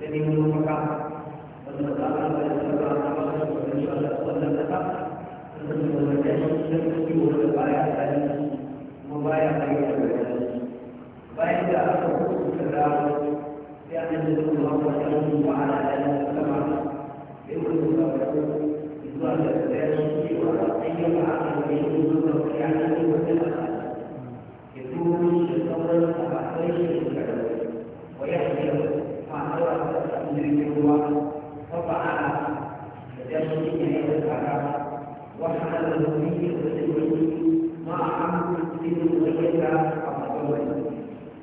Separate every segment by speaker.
Speaker 1: sai dai mun maka wanda ba za a yi da ba a ba da wannan shi Allah wannan da ta wannan da Allah wa ta'ala wa ala إذن وجدت أفضل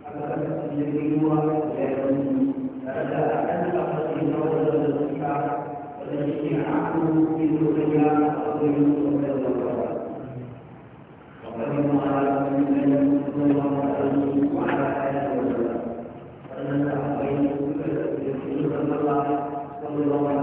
Speaker 1: أفضل يجدها لا يكون فإذا أكد أفضل وجد الصحة والذي عقله في الدنيا أفضل وجد الصحة وقدم على من لم يكن الله عليه وعلى آله وسلم فلن تحقق كل الله صلى الله عليه وسلم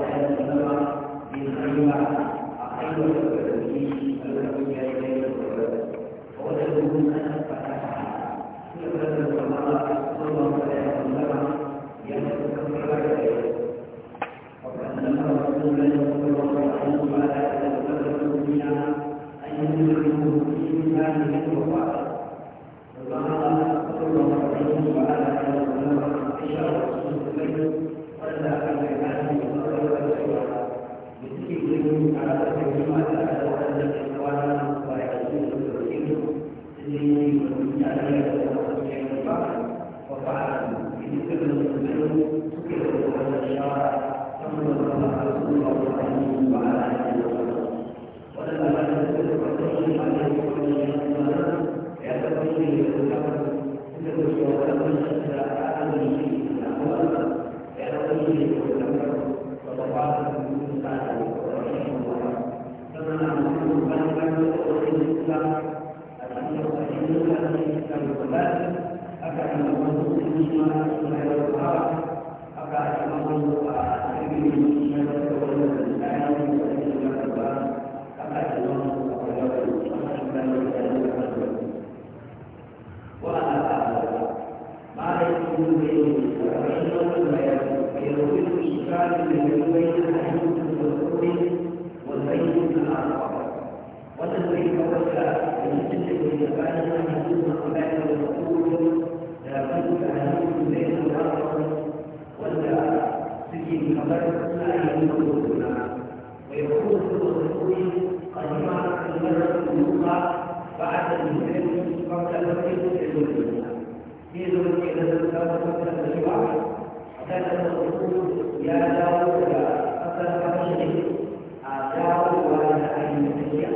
Speaker 1: المسلم قبل أن يكون يدركه يدرك إلى الإسلام قبل أن يشرع حتى تقول يا داود حتى تقول داود ولا أن يسجع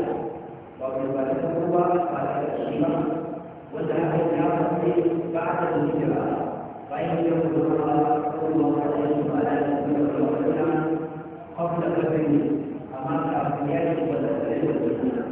Speaker 1: وقد بلغه الله قال الشيما وذهب إلى ربه بعد الهجرة فإن يقول الله صلى الله عليه وسلم قبل أن أمام أبنيائه وذريته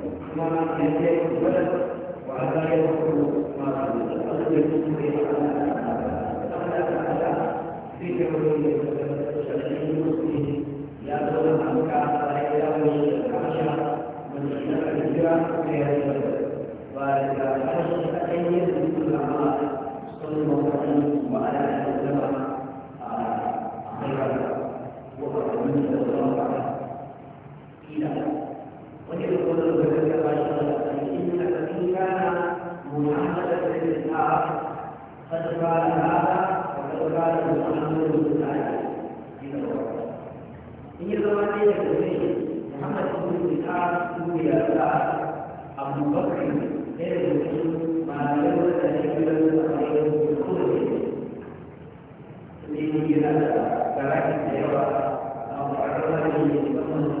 Speaker 1: ya a Thank you. Mungkin kita boleh berkata bahasa ini kerana Muhammad dari Islam sesuatu yang ada atau sesuatu yang Muhammad ini Ini adalah dia yang Muhammad itu Islam itu biasa Abu Bakar ini adalah Muhammad dan dia adalah Muhammad yang berkulit. Jadi ini adalah cara kita orang orang yang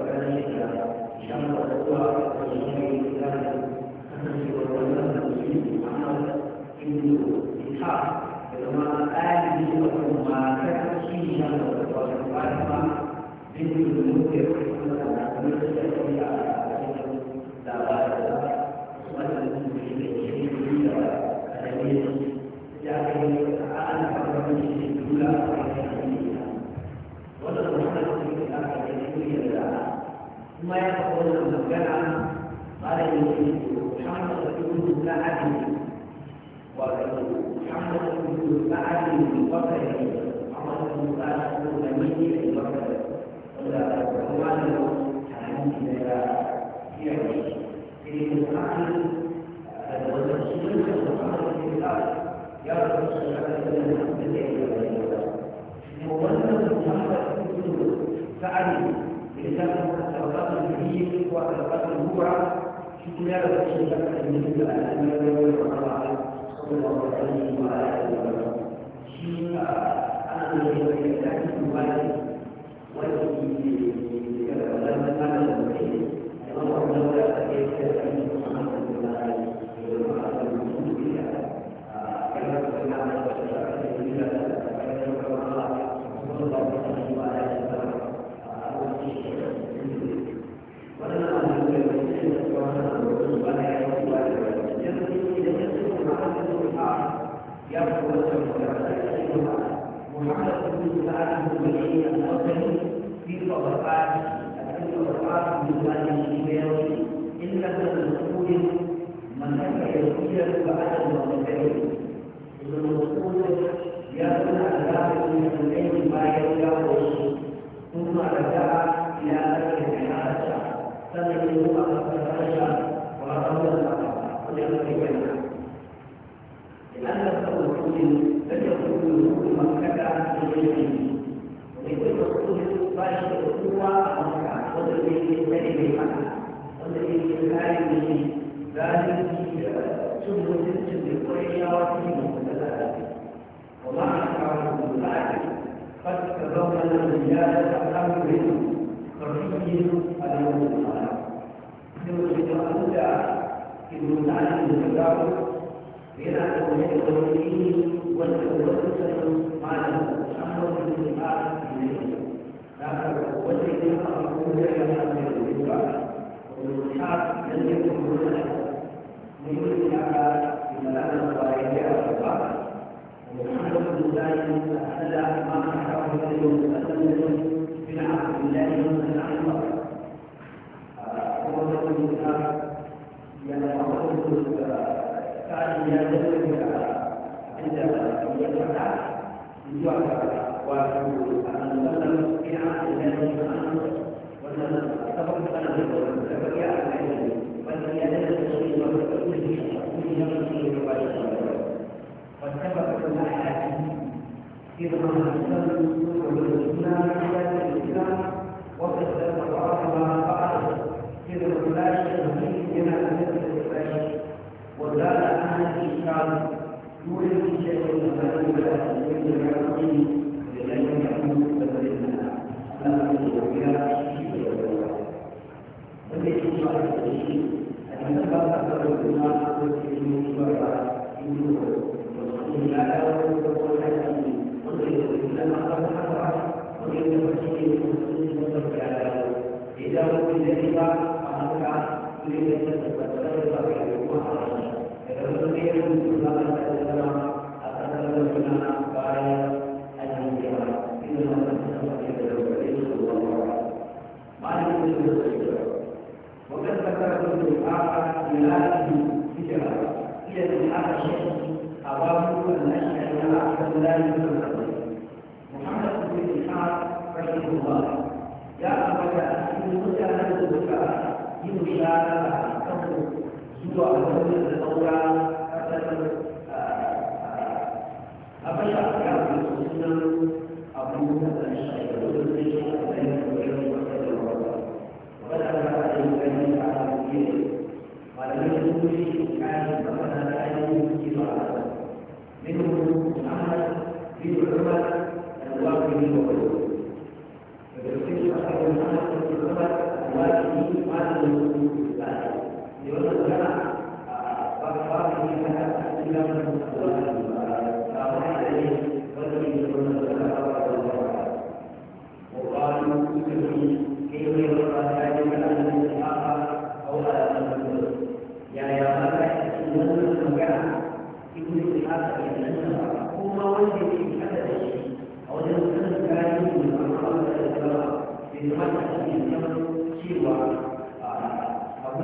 Speaker 1: 人家，你像我的哥，我兄弟，他们他们几个，我认识的，经常的聚聚一聚，一唱，什么哎，你给我唱嘛，唱个吉祥的，高兴快活嘛，平时聚会。ما يتقول لما كان قال إن محمد رسول الله عدل ومحمد رسول الله عدل من بصره محمد رسول الله رسول مني من بصره ولا أخوان له حنان إلى يعيش في المستقبل والرسول الله لأنه الطبقات الكبير والطبقات الكبرى في كلاب الشيخ النبي صلى الله عليه وعلى آله وسلم يرفض محمد بن سعد بن بشير الحسني في طبقات في طبقات من بني الشمال إلا من مسؤول من كان يسير بعد المرتين ابن مسعود يكون على من الليل ما يجاوز ثم رجع إلى أهل الحاجة فمن يوم أخرج ورد الله وجل في لأن الرسول لم يكن يدخل مكة بغيره لكل رسول باشر القوة مكة والذي يمتلئ بمكة والذي يمتلئ به ذلك سبل سلسل قرية وسلم وكذلك وما قد تزوج الرجال أقام منهم ففيه الأمر الصلاة. يوجد أن ابن سعد بن إلى أن يدخل فيه وتوسل على أمر الاتباع إليه والاتباع يكون على أمر الاتباع والاتباع لن يكون له ليريد على بلاد الخارجية والبعض ومحمد بن ما نحره إليه وسلم من عبد الله بن عمر ومحمد بن زايد يعني فإن يدل عندما يدعى يعتبر وأن لم يستطيع إلا أن وأن سبق أن يدل فبكى وأن يدل الشيء واتفقت الأحاديث في ظهر السنة والإسلام في الإسلام وقد تتواصل مع بعض في الولاية kan, duk da suke yin da da suke yi da suke yi da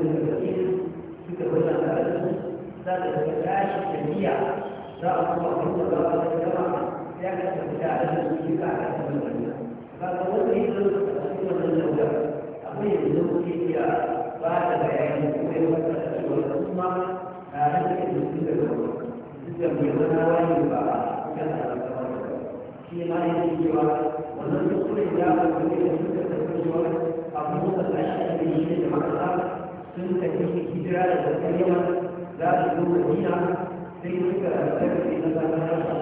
Speaker 1: suka tafi suka zauna da su za ta tafi tashi jami'a za a kuma da za ta ya ka da su duka a kan wannan ya zo da zo ke iya ba da shi shi shi sun tafi hijira da tafiya za su zo madina sai suka tafi na zamanarsa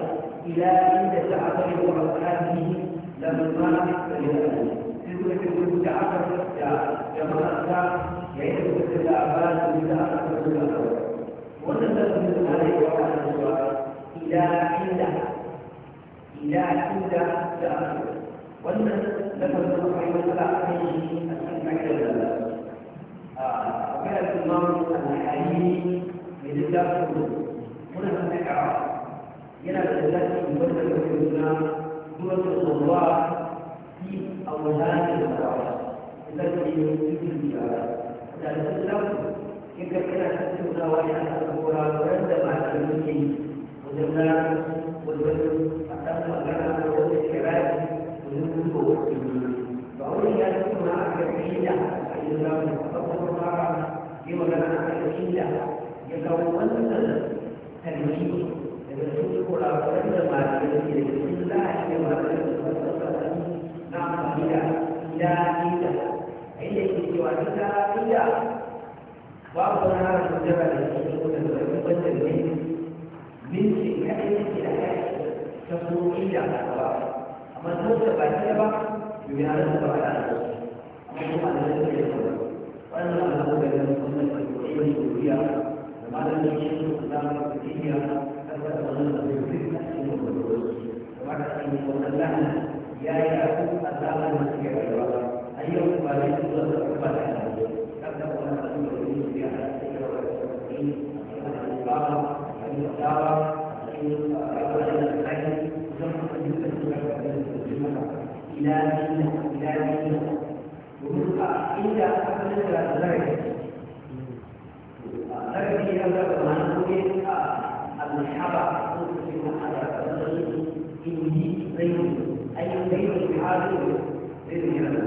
Speaker 1: ila inda ta abai wa al'adi da mamman da yanayi sai suka ce wani da aka da jama'arsa ya yi da suka da labarin da aka tafi da kawai wannan da sun zama da yawa a nan zuwa ila inda ila inda da aka wannan da kan zama kai matsala a kan shi a cikin kakar da وكان الإمام الحليم يتذكر هنا هناك عرب يتذكر في الإمام سورة الصلوات في أولها الصلوات التي يمكن بها تتذكر كيف كان تسمى وجهها الأولى ورد بعد المسلم وزمان والبدر أقام أقام وجه الشباب وزمان فأولي أن تكون هناك بعيدة عن الإمام fara yi magana a kan da ya kawo wannan kalmi daga cikin kurakuran da masu da ke da cikin lahashi masu da su wasu sassan na amfani da ida ida a inda ke cewa ida ida babu wani harafin jira da ke cikin da wani bantar ne minti da ke da kai ta so ida ba amma sau da ba ta ba yi halittar ba da su amma kuma da zai ke da وأنا لا أقول أن السنة والعلم والرياء وما لم يشهد أقدام الدنيا حتى تظن بالفتنة والغلو وبعد أن يكون اللعنة يا يعقوب أقدام المسيح والرب أيوم فارس ضد عقبة الأرض تبدأ أن تكون العلم في على السيرة والتوحيد الإقامة الإقامة إلى دينه إلى دينه domin a inda asalin da zarafi zarafi ya zaba mana kome a al-mahaba ko cikin mahaba da zarafi inji zai ayyukan zai yi hali zai yi yana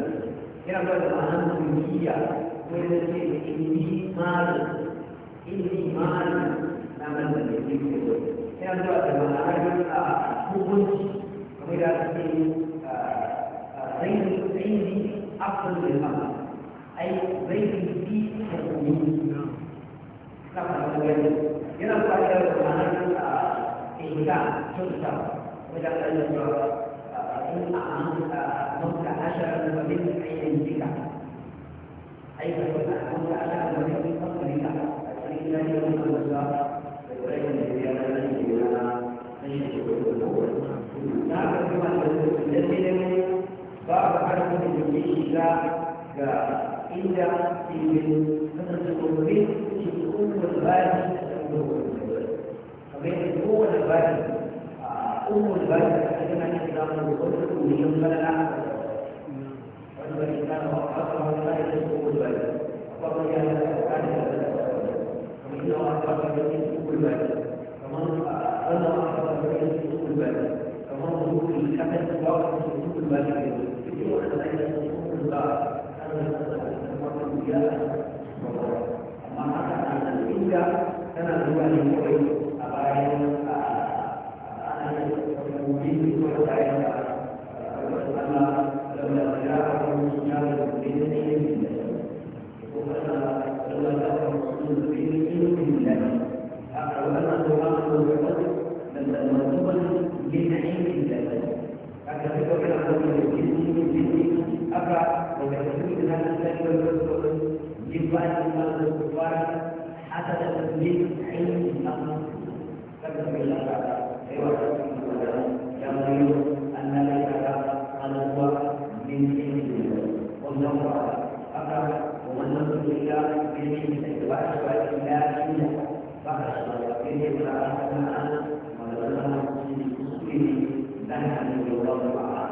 Speaker 1: yana zaba mana kungiya wanda ce inji mali inji mali na nan da ke cikin yana zaba da mana a hukunci kamar da ake zai أفضل للمرأة أي بيته في الأمين كما تقول ينبغي أن يكون هناك إهداء تذكر ولا أن يكون إن أعنت مدة عشر ومن حين بك أي تكون مدة عشر ومن فضل لك فإن لا يكون الله ولكن الزيادة التي لنا ليست بالقوة لا تكون الذي بعض عدد shiga ga inda ilimin kasance gobe ke kowane bayan da kamar kowane bayan a kowane bayan da ake gana shi da wani wani koyon balala wani wani kana wa kasa wani bayan da kowane bayan akwai wani yana da kare da da kamar yana wa kasa da kowane bayan kamar a rana wa kasa da kowane bayan kamar wani koyon kasance wa kasa da kowane bayan da kowane bayan Gracias. أبا ويقول أن الذي يرزق من بعد المرض الكفار حسب تثبيت علم النقل فكتب إلى الله يقول أن ذلك قد هو من علم الله والله أعلم أبا ومن نظر إلى علم الاتباع شوائع الله إلا فقد شرع به ولا أحد معنا ولو أنه من أصله لنا من الله تعالى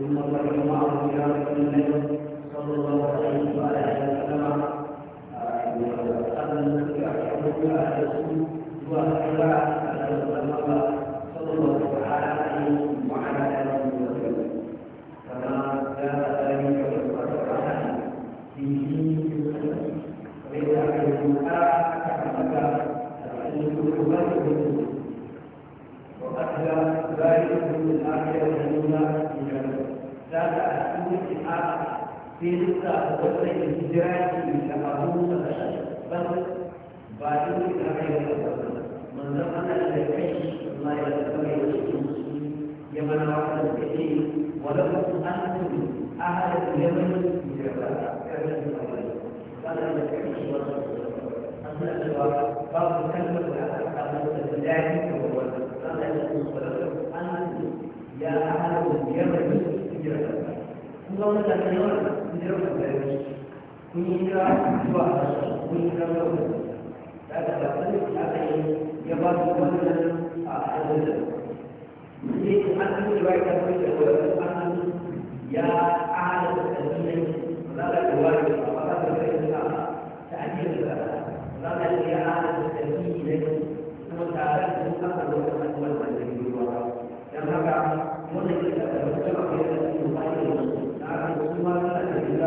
Speaker 1: ثم بقي معه إلى النبي صلى الله عليه وسلم آه، أن يحكم وسلم wannan hijira ne da abu da kashi ba ba duk da kai da manzon Allah da kai Allah ya da da da da da يوم الدرس كنيكا وعشر كنيكا وعشر هذا بطل عليه يبقى مثلا أحد ليس عنه رواية كبيرة عنه يا أعلى الذين لا تواجه ولا تبين تعجيل لا يا أعلى الذين ثم تعالى ثم أخذ وأخذ وأخذ وأخذ وأخذ وأخذ وأخذ وأخذ وأخذ وأخذ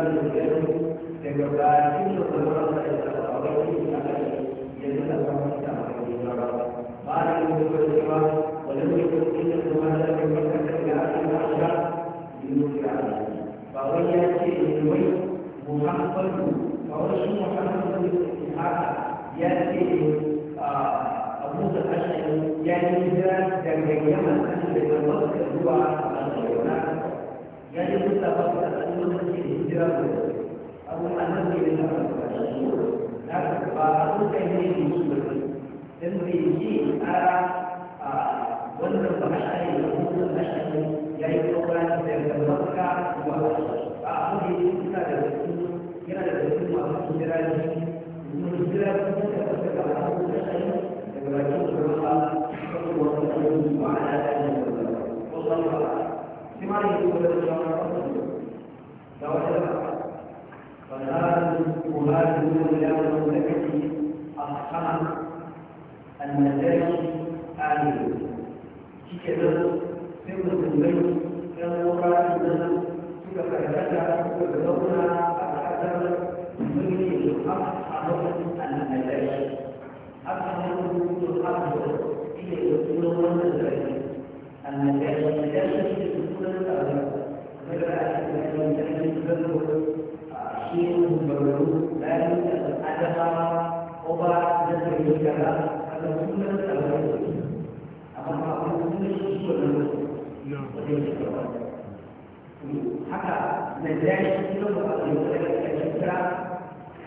Speaker 1: Yeah, you can do that. You can a difference. ya je kusa ba su kasa ne wanda ke hijira ko abubuwan nan ne da haka ba shi na ba a kusa ne ne su ba ne dan yi ce a wannan ba a yi da kuma na shi ya yi kokarin da ya maka ba a abu ne kusa da su yana da su masu hijira ne mun hijira kuma da kusa da abu da shi daga bakin Allah sallallahu alaihi wa sallam wallahu a'lam بما يقول الشرع فوجب وهاجرون الى مملكه الخمس النجاشي آمين كتبه سر البيت ينظر النزل تلك الرجعة وبدورها الحجر من الأصحاب النجاشي أصحاب الأصحاب هي الأصول والنجاشي المجال والمجال يشكل كل الأعراض فبقى المجال يشكل شيء مبرر لا يوجد أدب أوبا نسبة الكلام هذا كل الأعراض أما أقول كل شيء مبرر حتى مجال يشكل الأعراض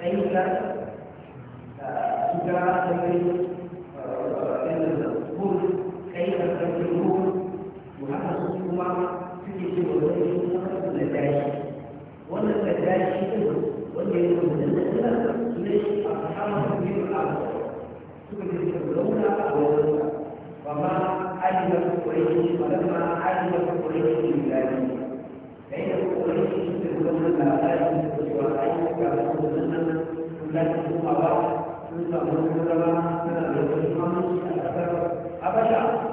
Speaker 1: كيف تجارة كيف تكون كيف تكون kuma suke ce wa wani shi kuma na dashi wannan na dashi din wanda ya zama da nasara ne a samun biyu a suka ce suka zauna a wajen ba ma ajiye kurai ba ma ajiye kurai shi da dashi yayin da kurai shi suka zauna da dashi da cewa ayyuka da kuma nan kula da kuma ba sun samu kuma ba suna da wani mamuci a ƙasar habasha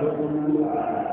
Speaker 1: Gracias.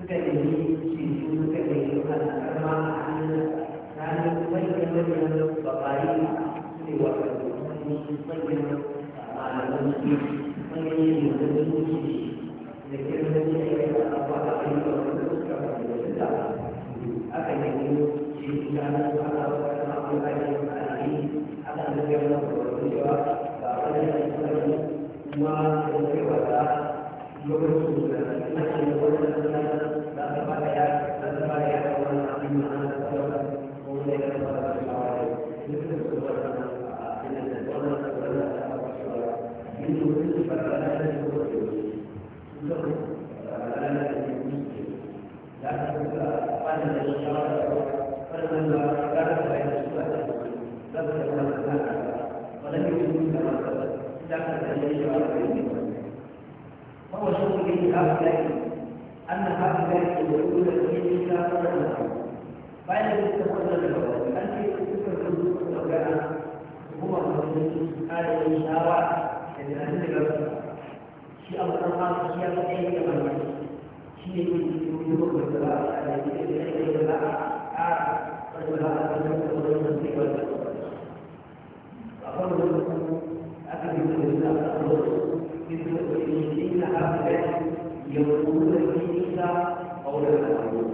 Speaker 1: suka nemi ceto suka nemi a hannun manyan manyan babari wata manyan ah, malaman su manyan yin da su ne da da yi abuwa a kan yi suka da aka nemi ana zuwa a wata mafi ajiyar al'ari aka nemi wata wata cewa ba kuma da wata ولم يكن كما ذكر ذكر الذي يعرف فهو شغل به هؤلاء أن هؤلاء يدعون إليه لا قدر لهم فإن لم تتقبل الجواب أنت تذكر الحدود الأوجاع هو الحدود هذه الإشارة التي أنزل في أمر الله في أمر أي زمن في وجوه الجواب التي تدعي إلى الجواب أقول لكم أكمل الله لك الأمثلة يقول عيسى قول الأمر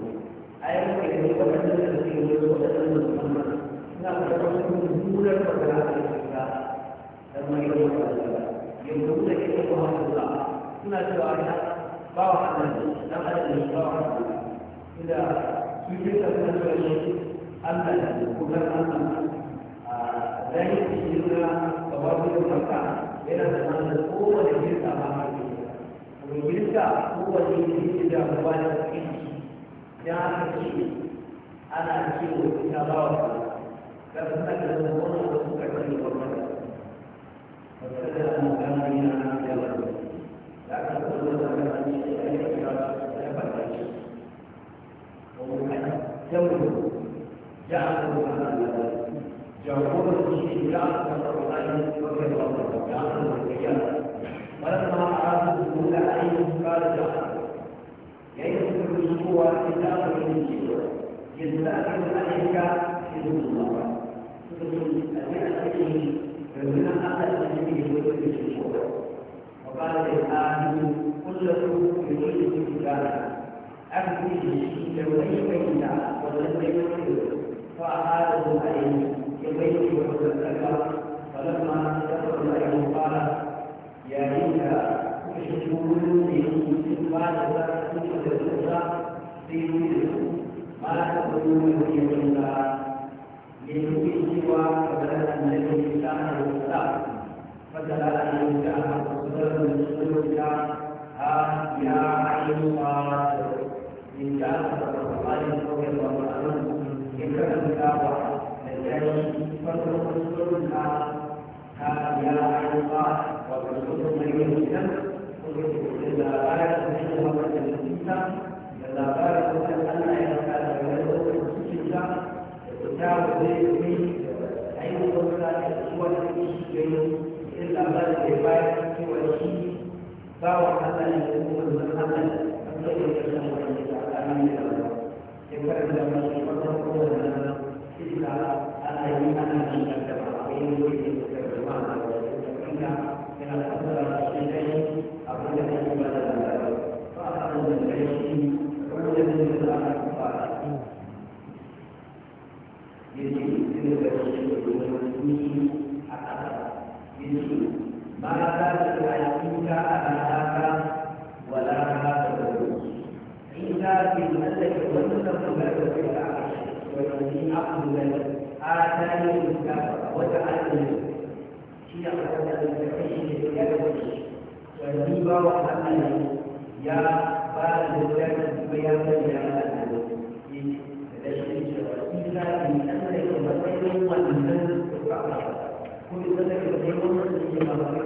Speaker 1: أيضا كلمة وتنزل التي يقول وتنزل محمد نعم تقول نزول الفتنة لما يقول يقول كلمة وهذا الله هنا سؤالها باوع عن لم أدري باوع عن إذا سجلت من الشيء أما كنا أما ذلك يجب أن تواصل المكان إلى أن تكون الجنس أمامك domin ka kowa ne ne da damuwa da kanki ya haka ce ana cewa ita ba wa ka da san da wani wani da suka ce wa ka ba ta da mu gano yana nan da wani da ka kowa da ka ce ya yi ka ya ba ta ce wani ka jawo جعله جعله في جعله القرآن وكذا وكذا جعله الرجال ولما cewa ina ba ne cewa yanzu da aka yi ayyuka sai da su ba suka ce a ne a cikin shi yanzu nan aka yi da ne da wani da shi ko ba ba da ya hannu kullum da wani da shi ga aka ya ce fa hada da ayyuka ya kuma دينكم ما تقولون به الا لنبشر فبلغ الذي كان يختار فتلا ان يمتعها فصدر من سلوكها ها يا عين قاد ان كان صدر الله رضي الله عنه يكره الكعبه لله فصدر من سلوكها ها يا عين قاد وبالصدر من يمتعها قلت الا ايه من الله labarin wajen Allah ya raka da wani wajen cikin sa da ta zai yi ayyukan sa da ciwon da ke shi ke yi in labarin da ya bayar ciwon shi ba wa Allah ne da kuma da Allah da zai yi da shi da Allah ne da Allah ya karanta masu wannan ما كانت يعطيك أنا ولا هذا إلا في أنك وجدت مجرد في العرش والذي أقبل آتاني الكتاب وجعلني في أحد الفقيه بيده والذي بارك أنني يا بعد ذلك بيان يا إلا من أنك وسيم وأنزلت الكعبة كل ذلك يوم من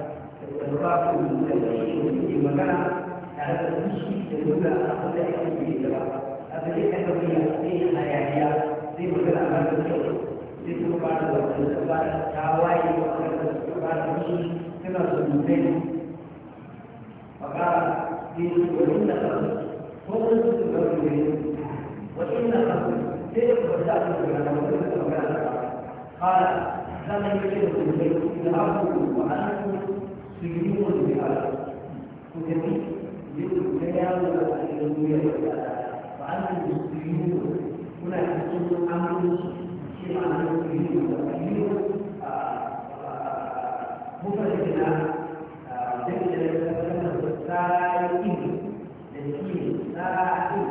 Speaker 1: الوقت في مكان على المشي في حياتي في مكان على المشي في سبحان الله سبحان شاوي في وإن أن يكون العبد سيكون بهذا وجميل يقول تجاوز الألوية فأنت المسلمون تكون أمر شيء عن المسلمين والمسلمين مفردنا تجد السائل لكن سائل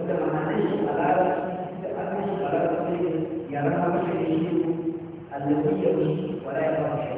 Speaker 1: ولما نشغل على يراها بشيء الذي يمشي ولا يرى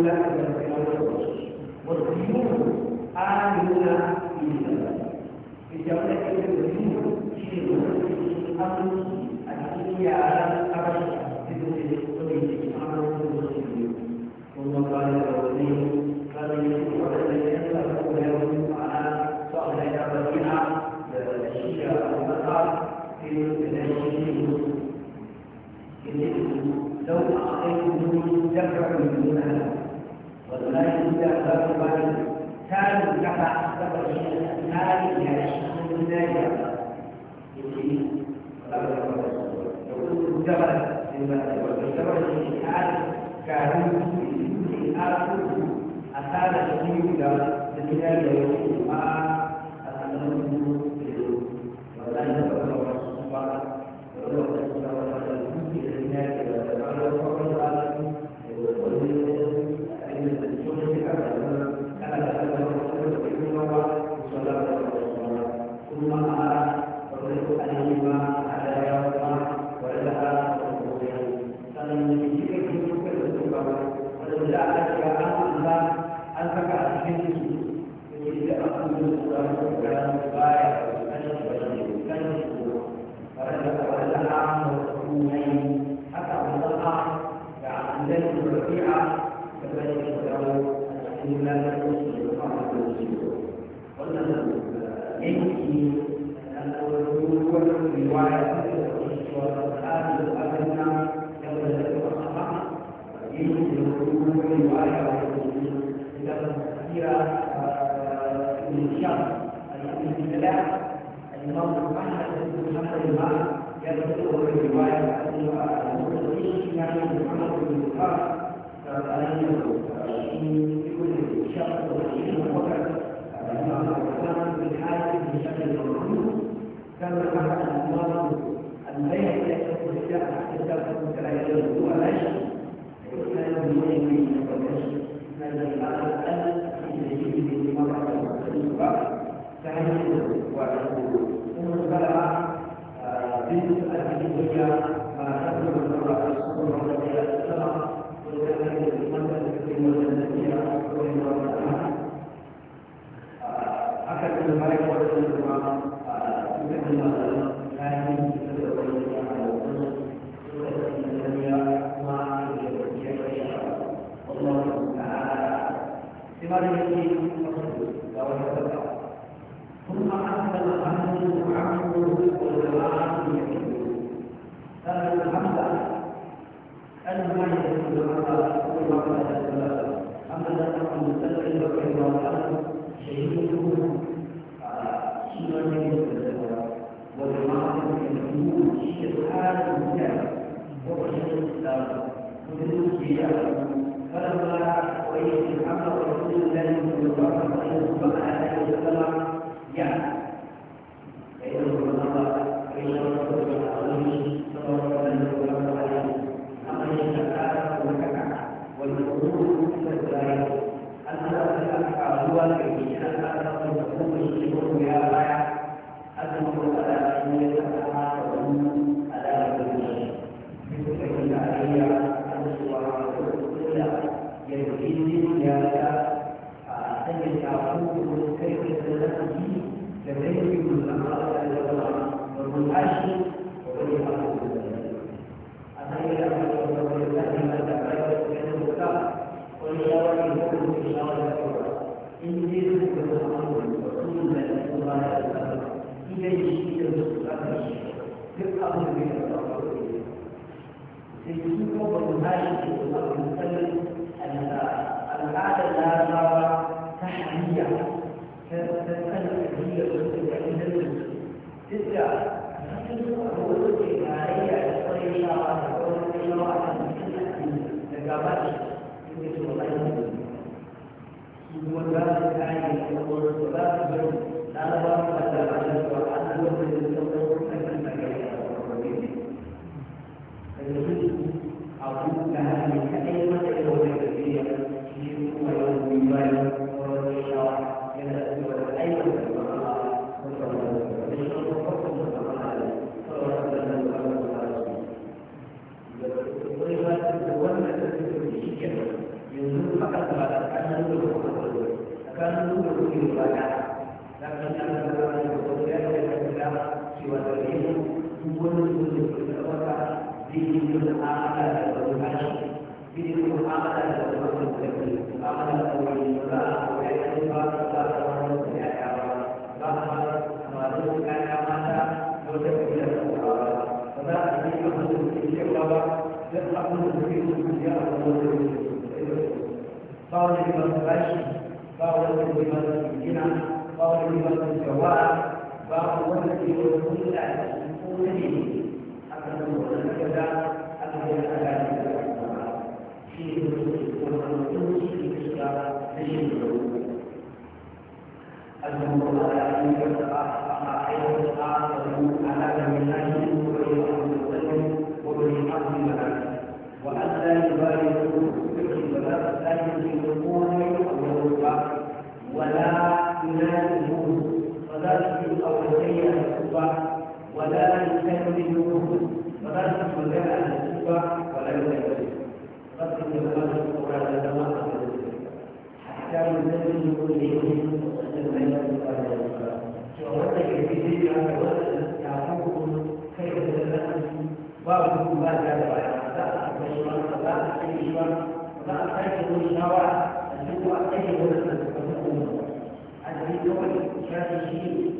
Speaker 1: Allah dan Rasul. Berdiri adalah ibadah. Ijabnya kita berdiri di dalam Al-Quran. Adik ia adalah abad. Itu adalah kebenaran. Allah Taala. ولا يجوز أخذ مال كان كفى سبب مال يعيش من ذلك يقول الجبل والجبل الحال كانوا يأخذوا أثار الدين من ذلك يقول ما أتمنى ولا يجوز أخذ مال ولا يجوز أخذ مال كانت فلما وإيه الحمد ورسول الله صلى الله عليه ولا يكلمه ولا يقبل على الكفة ولا يكلمه قد يتبادل القرآن لما قبل حتى ينزل إليهم أن لا وأنت كثير يعلمكم كيف تتنفس بعضكم ما زال لا أكبر لا أكبر لا أكبر الشوارع أنتم أكبر لكم أن تكونوا أن تكونوا شاذ الشيء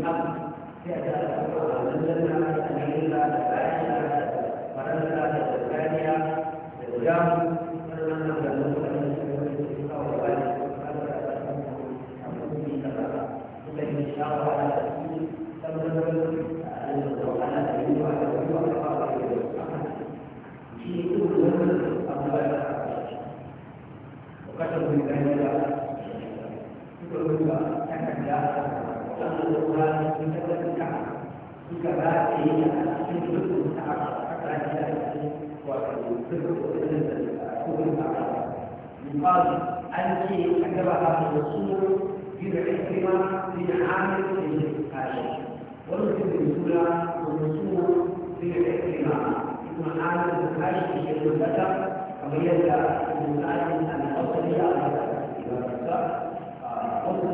Speaker 1: بالحق يأتى الزلزلة أمير الله تعالى فرد الله تعالى الجامع قال أنت كتبها الرسول بن عكرمة بن عامر بن هاشم ونسب الرسول والرسول بن عكرمة في عامر بن هاشم بن بدر ويدعى ابن عامر أن أصلي على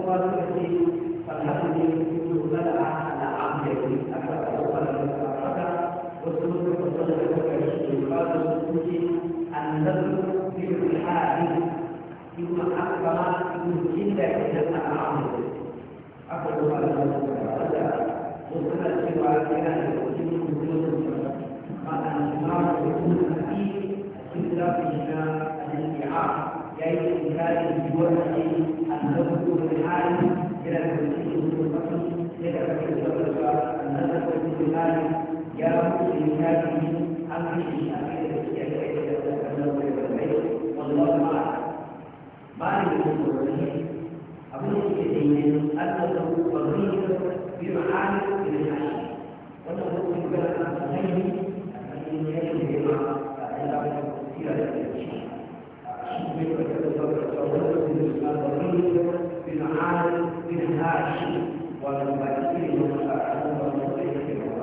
Speaker 1: وقال التي على عبده أكثر وقال وسلوك الرسول عليه أن نذكر في الحال ثم أخبر مسجد جنة عامر أقول على هذا وصل الجوار إلى المسجد وجود قال الإمام يكون فيه إلا فيها الانبعاث أي إنكار الجوع النبض والحال إلى المسجد والفقر إلى المسجد والفقر النبض والحال يرى في هذه أمره يعرف الوليد أبو اليمين أنه وليد بمعاني الحشد وأنه في بلد الغيب الذي يجري مع العلاقة في الشيء بمعاني من هاشم والمبادئ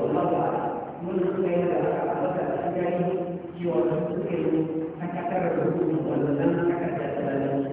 Speaker 1: والله أعلم من خلال هذا الأسئلة jiwa da suke yi ta kasar da su wannan ta kasar da su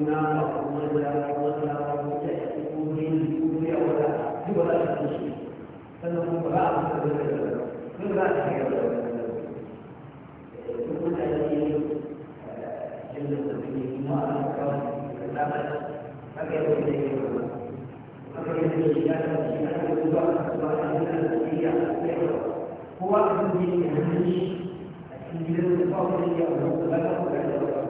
Speaker 1: النار ولا ولا وتأتيكم بالكفر ولا ولا تشركون فإنهم غاب من بعد يقول الذي آه، جلس به ما أنكر الأمل فكيف إليه فكيف إليه هو من الهمش الذي يفضل يوم لك ولا يوم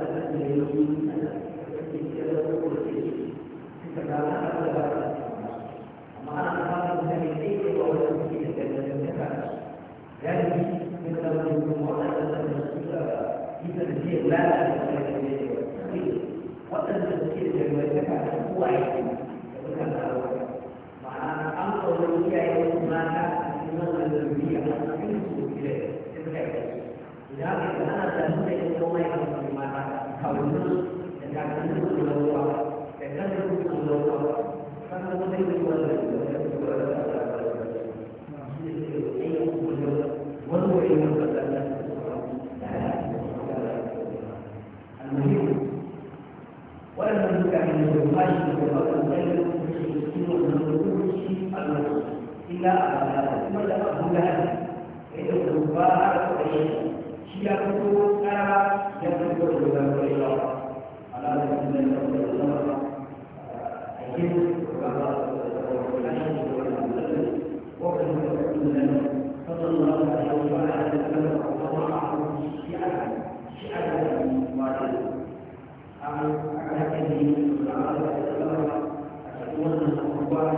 Speaker 1: Jadi, kita nak jadi orang yang bermanfaat. حولنا يتعلمون من الله يعتمدون من الله فما نضيف ولا المهم ولم نملك من الله ولا نملك من الله الا ان ماذا ابو لهب فانه باع وعيش ya fito ƙara ya fito da zama da yawa ala da kuma da zama da zama a yin rama وكان يقول لنا الله عليه وسلم وضعه في أحد في أحد المعتدل أعلم أنني صلى الله أتكون الله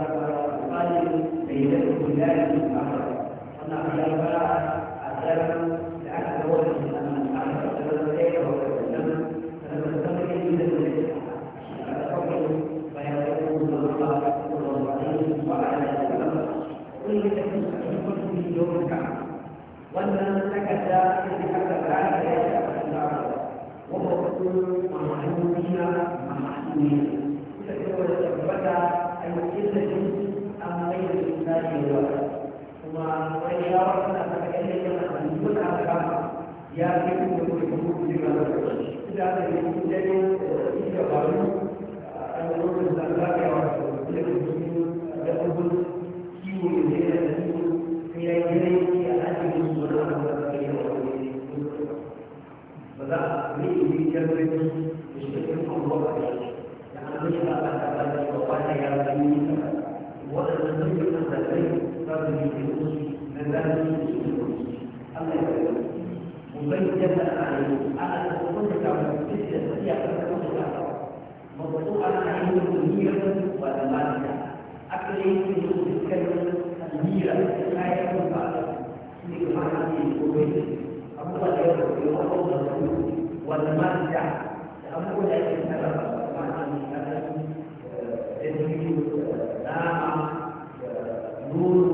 Speaker 1: قال بينكم لا يكون أحد أنا على البلاء أتلم لأنه إذا أردنا أن نتكلم عن كل أفكار يأتيكم بكتب لما نقول إذا أردنا أن نتكلم إذا قالوا أن نقول الزكاة والمسلمين يقول كيو إلينا نسيب في أيدينا في أحدهم سبحانه وتعالى فذا من يجرد يشتكيكم الله عليه يعني مش هذا هذا وقال يا بني وأنا نسيب الزكاة فبني في نزال الله يبارك مبينا عليه أنا أقول لك على تلك السياق موضوع العين المنيرة والمالكة أكلين من الكلمة المنيرة لا يكون بعد لمعنى الكبير أما اليوم يوحظ والمالكة أما لا يتنرى معنى الكلمة تدريب نعم نور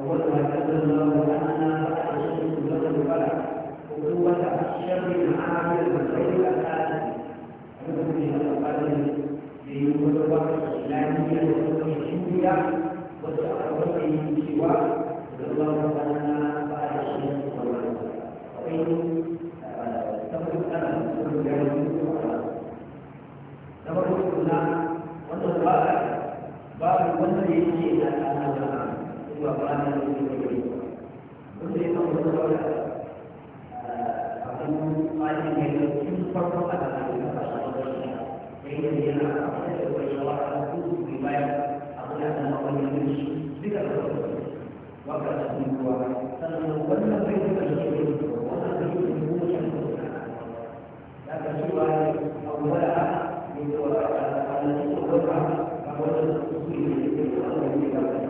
Speaker 1: أولها كذب الله أنا فتح شمس بدر البلد قوة الشر عامل الخير الأساسي حكم القلب في قدوة الإسلامية وقدوة الشمولية وتأخذه سواه الله تعالى فتح شمس بدر البلد Thank you. wannan ba ba wanda ya ce na وقرانا للمسلمين وسيد الله تعالى أقل قال إن يكون فرق على وكانت من قوة فنحن قلنا بين الرجلين أولها من دولة التي تقرها فهو التصوير الذي يقرر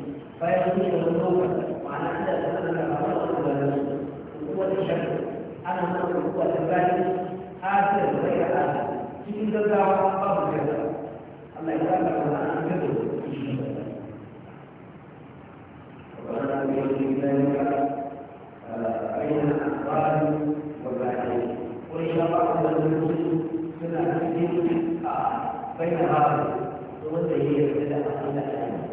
Speaker 1: فيكون ان انا غلطت ولا قوة الشك انا مذموم قوة البال آثر غير آثر في الجزاء قبل الجزاء الله يسامح لنا ان نكذب وقال في ذلك بين الأخبار والباحثين وإلى بعض النصوص من الحديث بين هذا ومن هي إلى أقل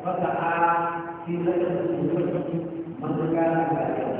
Speaker 1: Masa'a, sila dan sebuah-sebuah, masukkan kepada kita.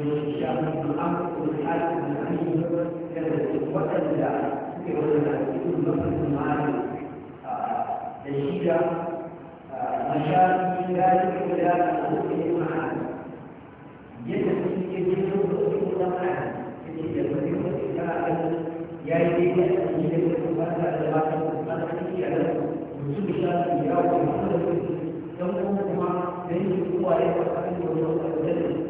Speaker 1: الشيخ محمد بن حاتم الامين وكان في علماء المسلم المعارف تشييد مشاكل ذلك الى الوقوف معا يتسلم يجب الوقوف معا يجب الوقوف معا يجب ان يجب الوقوف معا يجب ان يجب الوقوف معا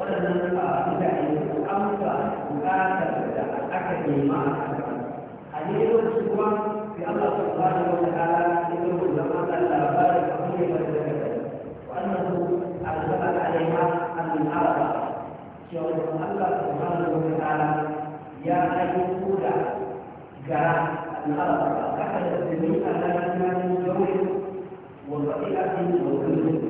Speaker 1: waɗannan a mutane su amsa buƙatar da aka nema a nemo su kuma sai Allah su ba da wata ala ya zo da mata labarin da kuma ya da kai wannan su alƙaba alaiha al-araba cewa Allah subhanahu wa ta'ala ya aiko da gara al-araba haka da su ne Allah ya yi wa fa'ila din wa kullum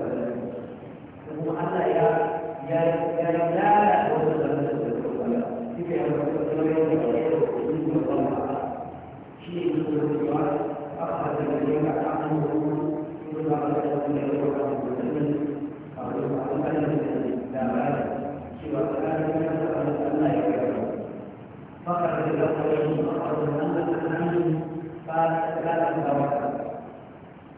Speaker 1: Allah ya ya ya lalata wannan zaman da ke kuma shi ke da wannan yau da yau shi ne kuma shi ne kuma ba a da ne ka ta an ko ba da wannan yau da ka ta an da da ba shi wa ta da Allah ya ka فقد ذكر الله أن الله قال لا تتوقع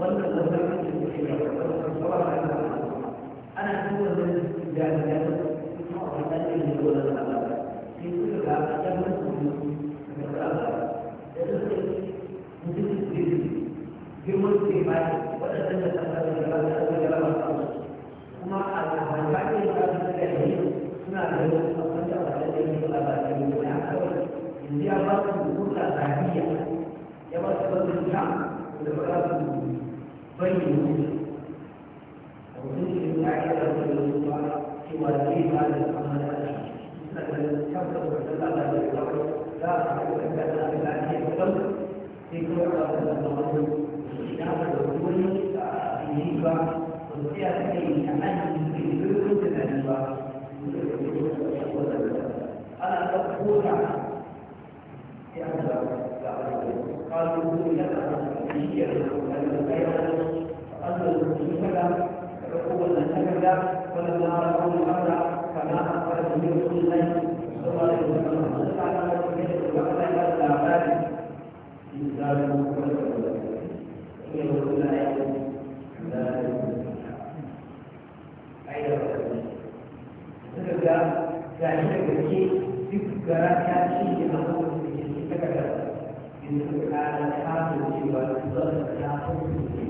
Speaker 1: ولا تزال أنا أقول للجامعات وحتى اللي يقول في كل هذا جمع المتابعة مدرس جديد جمل في بعض ولا تزال تزال وما على بعض الأشياء ما له أصلا الذي يتابع من الأول إن جاء بعض الأمور العادية يبقى سبب الجامع ولا بينه وتجد العائلة والسلطان سوى دين هذا الأمر مثلا كفر وعدل لا أعرف أن هذا العائلة والسلطان في كل هذا الأمر إنما الرسول فيهما وفيها في أمن في البيوت الأنبار أنا أقول قالوا لا هي الغير أجل المشكلة عقوبة الشكلة ولما رأوا الأمر كما أخبر به رسول الله صلى الله عليه وسلم وقال أنا أريد أن أقرأ إلى الأعمال إن زادوا ولد هي رسول الله لا أيضا Sekarang, saya kecil, juga kaki yang aku kecil, kita kata, ini sekarang, aku jiwa, kita kata, aku kecil.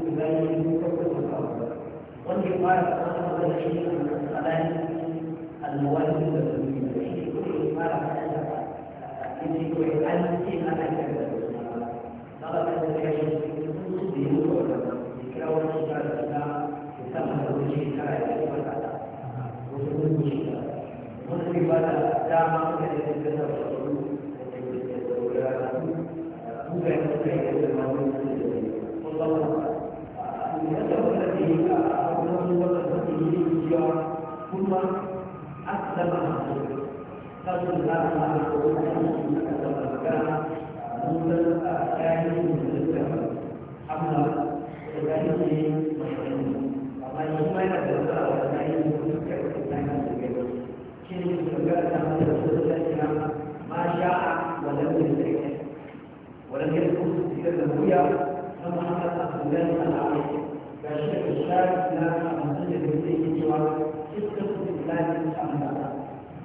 Speaker 1: ببينه حكم الأول والجماعة أخذ شيء من الصلاة المواجبة في كل مرة يمسك العلم فيما أكد طلب التكشف خصوص بيوت ذكرى الشفاعة يسمى الوجه كذلك وسط المشكلة مصرفة دعم كذلك فمحمد عبد الله العربي كشيخ الشاب لا أنزل به سوى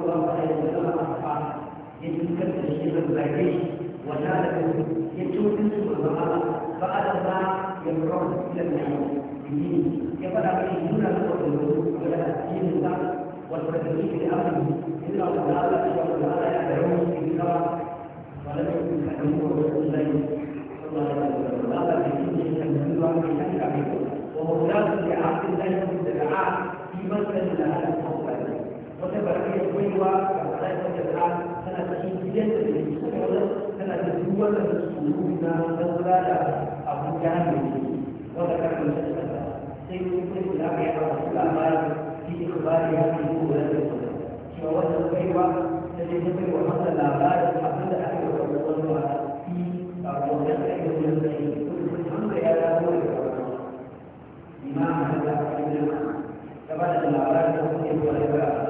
Speaker 1: الله عليه وسلم أصحابه يتوكل الشيخ الزكي وجالته يتوكل الزمان فقد الله يبرر إلى النعيم بدينه يبدا به دون القول الوضوء ولا دين الله والتدريب لامره ان الله تعالى يقول تعالى يدعون في الكرم ولم يكن كلمه رسول الله صلى الله عليه وسلم هذا في دينه وهو ذات لعبد الله في في مسجد الاهل وتبعية ويوى كمسائل الآن سنة جيدة للسؤال سنة جوة للسؤولنا نزلالة أبو جهل وذكر من الشيطان سيكون لا يعرف الأعمال في إخبار هذه الأولى شواذ الويوى تجد وحصل الأعمال حصل أهل وقوة في أبو جهل إمام هذا كما الأعمال تكون ولا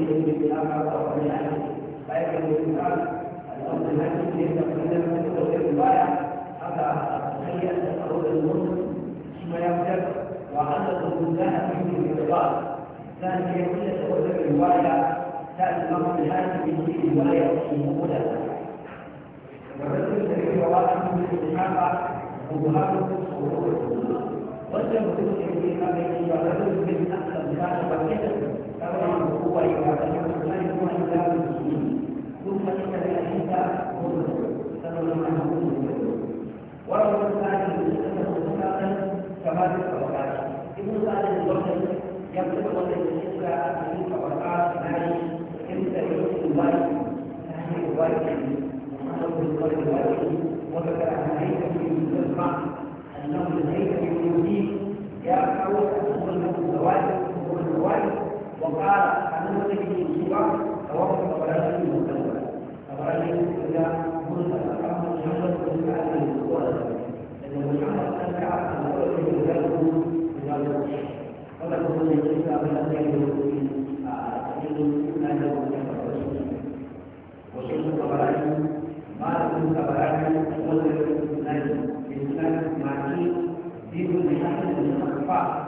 Speaker 1: يجب الاتفاق على الأمر المالي يتقدم ويتوفر البائع حتى تتخيل تقرب المسلم ثم يمسك وعدد المساهمة يمكن الرباط ذلك يمكن توفر البائع ذات الأمر المالي يمكن الولاية والشمولة والرجل الذي يواجه من الاستحقاق وجهات وصول والجمهور الذي يمكن أن يكون الرجل من أكثر فإنه هو عبادة الرحمن هو عبادة المسلمين ثم إن الحديث هو فمن معه ورد الثاني أنه مستقل كما ذكر ابن سعد الوحيد يمسك وجه الشكر أبيك وقعت معي كنت يوسف الوالد تحمل والدي وحمله القلب والدي وذكر عن هيئة المسمع أنه الهيئة اليهودي يقع أن هو الوالد هو الوالد وقال أن نتكلم سوى توقف أبراهيم مختلفة أبراهيم إلى موسى أما محمد بن علي ورسوله إن محمد أنكع أن يؤمن له إلى الوحي فلا تكون الجزء من الخير وشيخ أبراهيم ما كنت أبراهيم وزير الإسلام الإسلام معجيب دين من أحد الأخفاء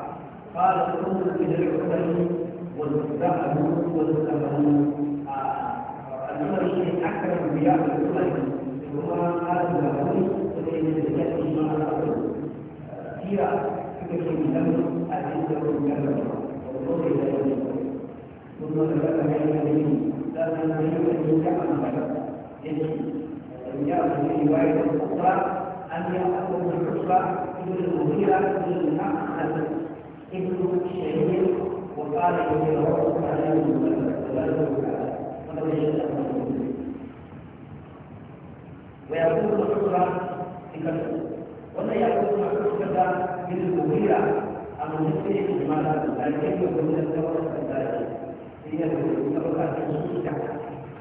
Speaker 1: قال كنت في العقبة وتتبعه وتتبعه الأمر أكثر الأنبياء والأمم وما هذا الأمر وبين الجنة مع الأرض هي فكرة الأمر التي تكون كما والنظر إلى الأمر ثم تبقى بين اليمين لا تنتهي أن يكعب البشر يجب في رواية أخرى أن يأخذ الحسبة ابن المغيرة بن الحق ابن الشهير وقال إني ربك عليم ويقول الرسول في كتبه ولا يقول الرسول من المغيرة أم المسيح لماذا لكن يقول الدورة الثالثة هي طبقة الشركة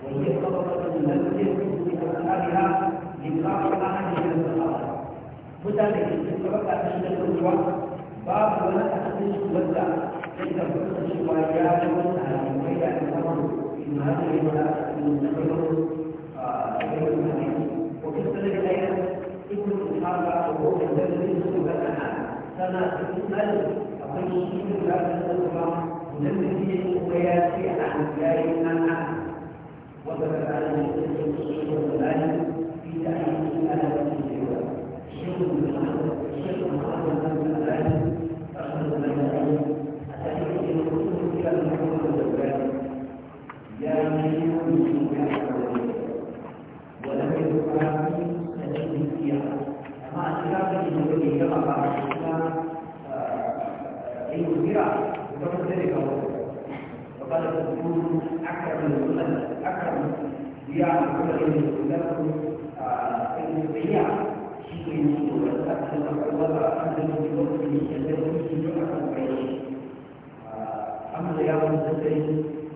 Speaker 1: وهي طبقة التي في أسرارها لإطلاق أحد من الصحابة متى في طبقة الشركة بعض الناس تحتاج تودع تقدر تقصد شويات توسع المية الأمر في هذا الولاء المستقبل آه، غير المهم وكذلك أيضا يكون الحرب حقوق الدولة سوى الأنعام سنة تسأل أقل شيء لا تسأل لم يجد وياتي عن جاري الأنعام
Speaker 2: وبدأ على الشيخ الغالي في تأييد الأنعام الشيخ محمد الشيخ محمد يا من
Speaker 1: ولم يكن تجد فيها أما أشياء من يقول كما قال الإسلام أي مديرة وكما ذلك فقال تكون أكثر من السنة أكثر من السياق وكما يقول المطيع شيء يشكو أكثر من الوضع أكثر من الوضع الذي يشكو أكثر من الوضع أما يا من تدري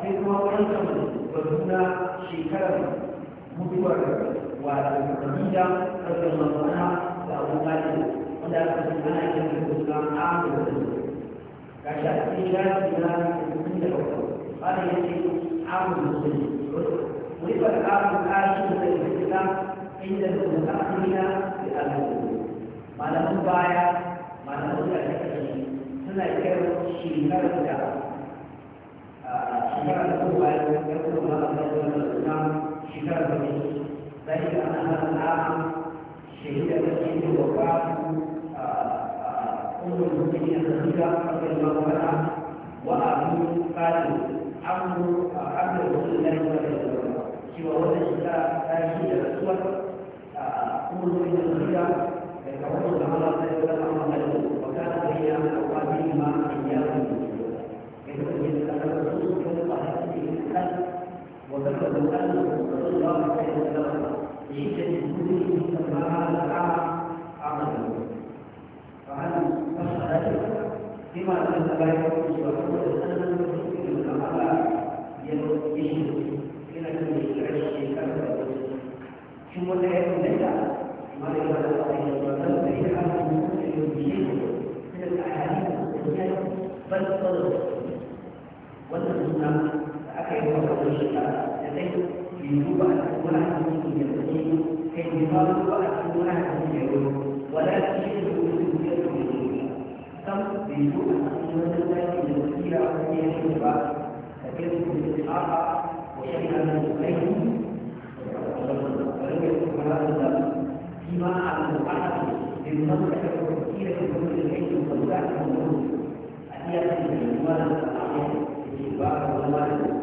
Speaker 1: sai kuma wancan batuna shekarar mutuwar wato kabila kasar mamana da abu gani wanda aka fi ana yin da kusa a da ga shi a cikin shafi na mutum da kawo ba da yake amur musulmi wani ba da amur kashi da zai fita inda da kuma amina da alamu malaman baya malaman da aka suna kiran shekarar da شكرا لكم وعليكم يذكر الله عز وجل الإسلام شكرا لكم ذلك أن هذا العام شهد مسجد وفاة أم المؤمنين الخديجة رضي الله عنها وأبي قاتل عمرو عبد رسول الله صلى الله عليه وسلم سوى وجه الشتاء هذه الأسود أم المؤمنين الخديجة كما قال الله عز وجل وكان بين أوقات وذكر أنه صلى الله عليه وسلم لشدة كله سماها لها عمله فهل مسألة فيما كان لا يجوز ويقول أنه يمكن العمل يشهد إلى كل العشق كما ثم لا يكون لك ما يقول الله وسلم فإن هذا المسلم يشهد من الأحاديث بل صدق والسنة kai da wata wani shekara da kai yanzu ba a cikin wani hadisi da ya yi kai ne ba ba a cikin wani hadisi da ya yi wala shi ne da wani hadisi da ya yi sam bai zo a cikin wani zaki da wasira wani ya yi ba ka kai da kuma da a'a wa shi ne da kai ولم يكن هذا فيما أعلم أحد من منطق التفكير في كل العلم والوعي والنور أن يأتي بالإيمان والعقل في الباب والمال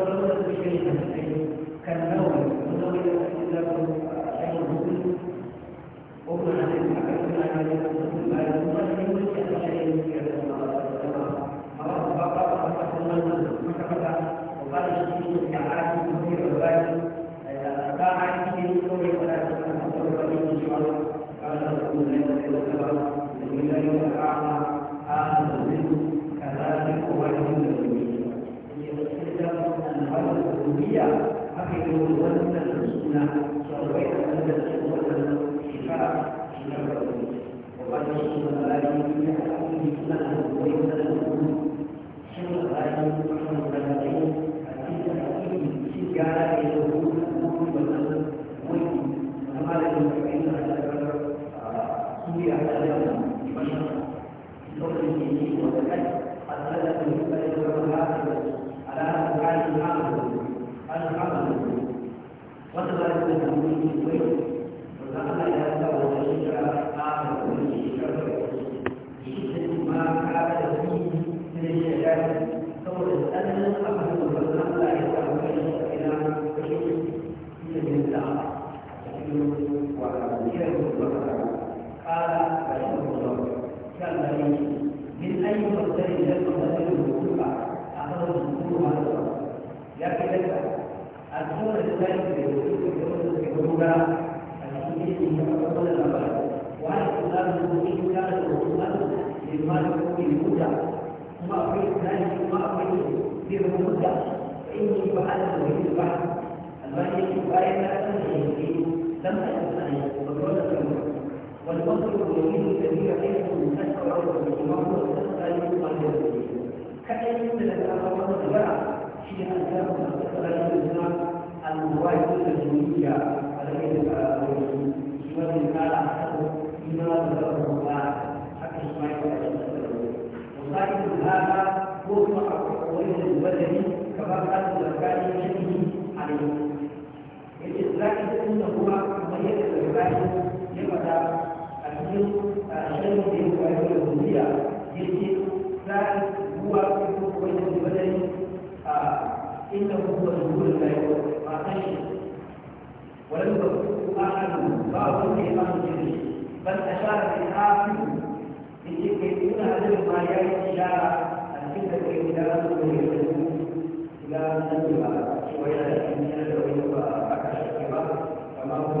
Speaker 1: ولولا بشيء كان نوم na Thank you. بالهدى ما أريد ذلك وما أريد بالهدى فإني فعلت به البحر المالك آية لا تنتهي لم تنتهي وبرز الأمر والبصر اليمين الذي حيث تشرع الإمام وتسأل قلبه كأن من الأمر الزرع في أن تكون تسأل الإمام المواجهة الجنوبية التي تسأل الإمام قال أحسن إمام ذكر الله حتى اسمعي وأجل فائدة هذا هو التحول البدني كما قال الزكاني عليه عليه الإدراك أنه هو عملية الإدراك لمدى الجزء الشيء بالقوانين الوزنية يجي ذلك هو التحول البدني إنه هو الجهول لا يقول ولم يكن أحد بعض الإيمان بل أشار الحافظ Jadi kita ada upaya secara nanti kita boleh dalam tubuh kita sehingga kita juga supaya ada kemungkinan dari tubuh akan sebab kita mampu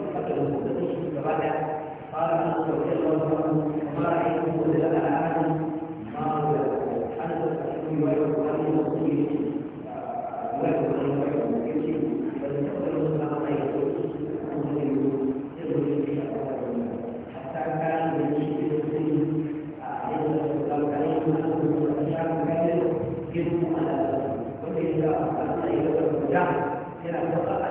Speaker 1: وقوته فبدا قال انس رضي الله عنه وما رايته الا احد ما هو انس يحكم ويحكم المسلمين ويحكم ويحكم Gracias.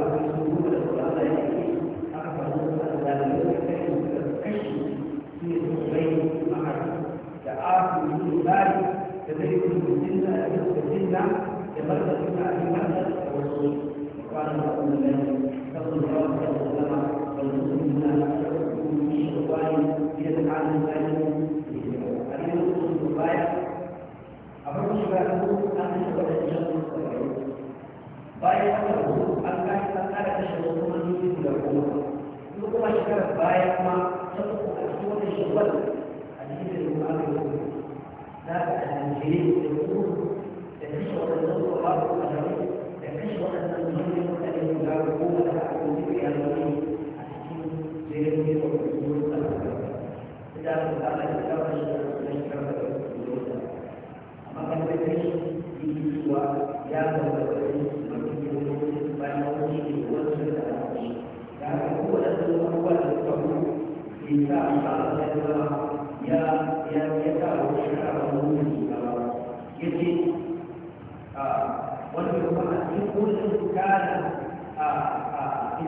Speaker 1: ذلك كذلك المسلمة المسلمة كبرت بما أجمعت الرسول وعلى رسول الله صلى الله عليه وسلم والمسلمين يحكم في شرطان يدفع عن ذلك هذه الرسول الغاية أفرد شبابه أن شبابه الشمس السبعين باية أفرده أن كانت أنا تشرطه من يجب الحكومة يقوم شكرا باية ما تطلق أسوأ الشغل الذي يجب أن تابع المجرمين يقول يكشف ان الصحابه الغريب يكشف ان المسلم الذي لا وقوه له عن ذكر الغريب جريمه وحدود إذا قال الكتاب نشكر أما قد تكشف في سوى يا مولى يا يا يا يجي آه، والحكم الحكم كان الزجاج آه، آه،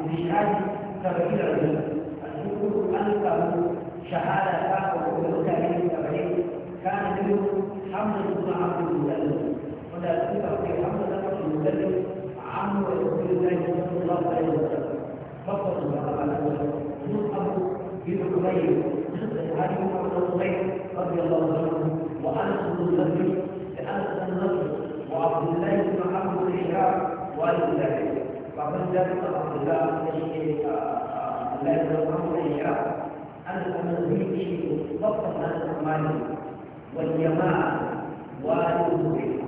Speaker 1: تبعيد الرجل الحكم أنكر شهادة وحكم كريم تبعيد كان منه حمد بن عبد المدلل ولا تذكر في حمد بن المدلل عم رسول الله صلى الله عليه وسلم فقط الله عليه وسلم يصحب بن عبيد هذه عمر بن رضي الله عنه وانس بن لأنس بن نصر وعبد الله بن عمرو بن هشام وابن جابر فمن جابر عبد الله بن الله بن عمرو بن هشام أنس بن زيد فقط أنس بن مالك والجماعة وابن زيد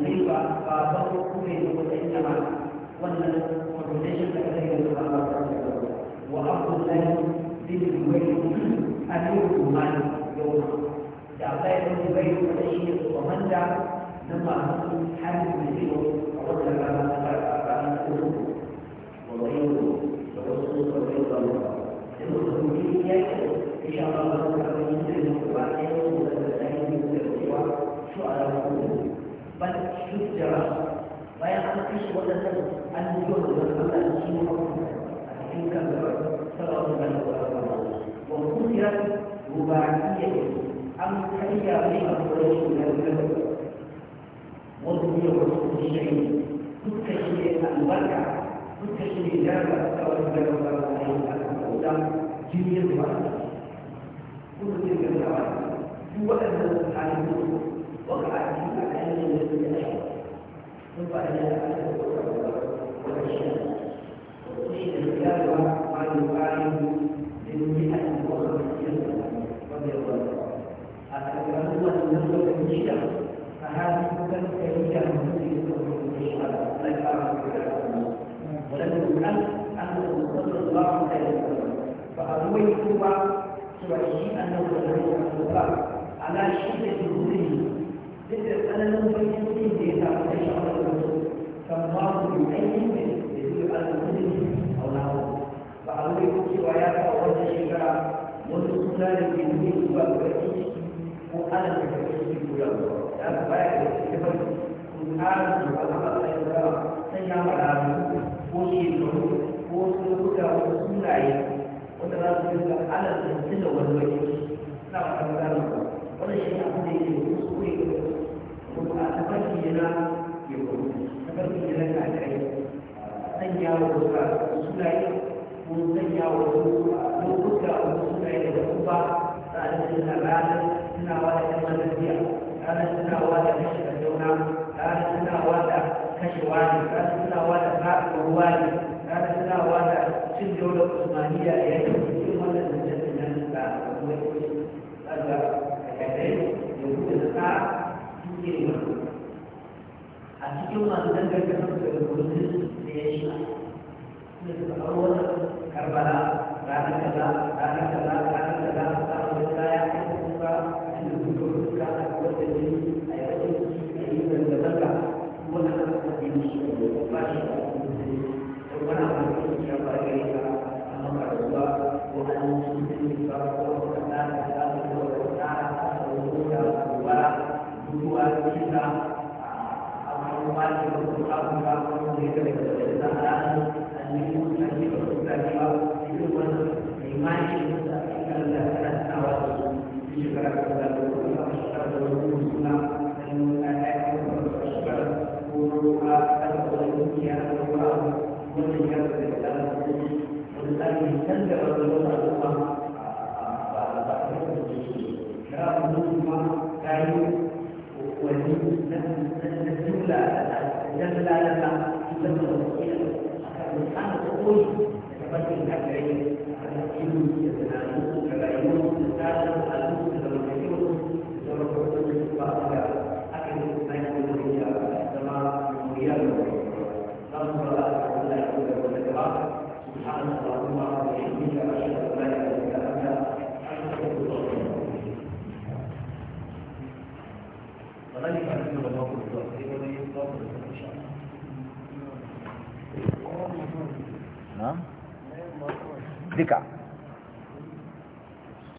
Speaker 1: ليبا فاضوا كوين والجماعة وأن organization that they will have وعبد الله بن زيد أمير مالك يوم da Allah ya yi bai da shi ne komanda na masu hannun da ke a wata rana ta fara a ranar kuma wa bai da wasu da bai da ba da wasu ba ya yi da shi amma ba su ba yin da ba ba ya yi da da da yin da ba su a ranar kuma ba su jira bayan ba kashe waɗannan an ba yau da ba Allah da shi ne a ba kan gaba sallallahu ba wa sallam wa ba rubaiyya an karya mai a kwararsu na gaba wanda ne wasu shirin duka shi ne a yi a jirgin kuma waɗannan halittu wanda a cikin a a yi a نزلة جديدة فهذه نزلة جديدة ولكن الأمر أنه صلى الله عليه وسلم فأروي هو سويه أنه صلى الله على شدة نزله ذكر أنا لم يكن في فالله يعين يدل على نزله أو نحوه فأروي سواه وجه شجرة وسلسلة من نزله ko ana da kake shi ko ya zo ya ba ya da shi ba ko ta da ba ba ba ya ba sai ya fara ko shi ko ko su ko sunaye za su yi ana da shi da wani na ba da ba shi da yake ko ko ko yana ko yana kai sanya wa ko ko da suna da ɗan mazajiya ranar tunawa da kashe da zauna ranar tunawa da kashewa ne ranar tunawa da faɗin ruwa ne ranar tunawa da cin daular usmaniya da yake cikin wannan zancen da nan da kuma yake tsaga a yanayi da kuma da ta suke a cikin masu dangar da kansu da kudin da ya shi da suka aure karbala ranar kaza ranar kaza Allah